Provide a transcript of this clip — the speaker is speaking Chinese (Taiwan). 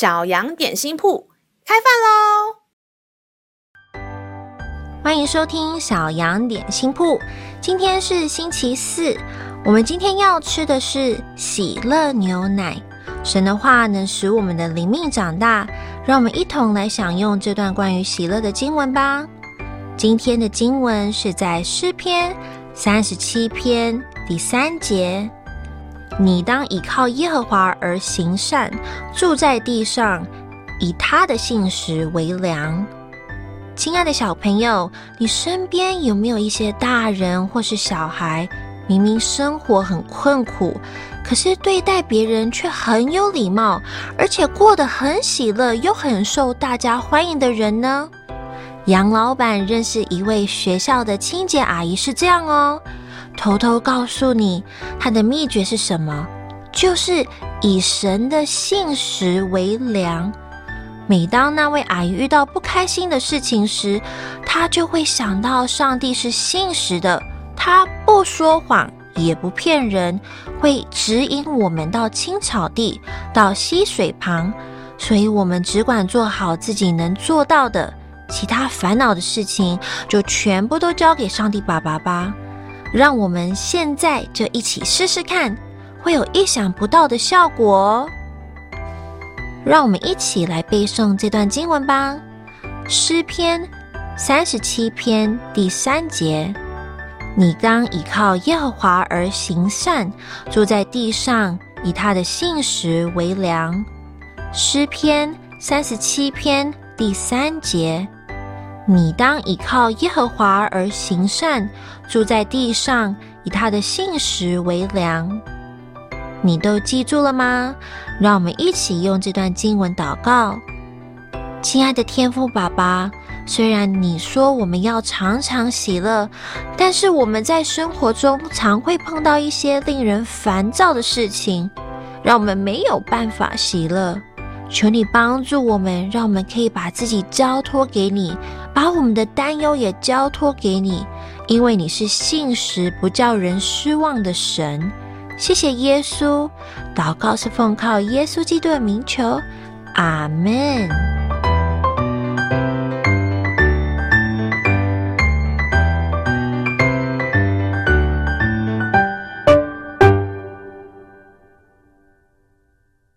小羊點心鋪，開飯囉！歡迎收聽小羊點心鋪。今天是星期四，我們今天要吃的是喜樂牛奶。神的話能使我們的靈命長大，讓我們一同來享用這段關於喜樂的經文吧。今天的經文是在詩篇三十七篇第三節。你當倚靠耶和華而行善，住在地上，以他的信實為糧。親愛的小朋友，你身邊有沒有一些大人或是小孩，明明生活很困苦，可是對待別人卻很有禮貌，而且過得很喜樂，又很受大家歡迎的人呢？楊老闆認識一位學校的清潔阿姨，是這樣哦。偷偷告訴你，她的秘訣是什麼？就是以神的信實為糧。每當那位阿姨遇到不開心的事情時，她就會想到上帝是信實的，他不說謊，也不騙人，會指引我們到青草地，到溪水旁。所以，我們只管做好自己能做到的。其他煩惱的事情就全部都交給上帝爸爸吧。讓我們現在就一起試試看，會有意想不到的效果哦。讓我們一起來背誦這段經文吧，《詩篇》三十七篇第三節：你當倚靠耶和華而行善，住在地上，以他的信實為糧。《詩篇》三十七篇第三節。你當倚靠耶和華而行善，住在地上，以他的信實為糧。你都記住了嗎？讓我們一起用這段經文禱告。親愛的天父爸爸，雖然你說我們要常常喜樂，但是我們在生活中常會碰到一些令人煩躁的事情，讓我們沒有辦法喜樂。求你幫助我們，讓我們可以把自己交託給你，把我們的擔憂也交託給你，因為你是信實不叫人失望的神。謝謝耶穌，禱告是奉靠耶穌基督的名求，阿門。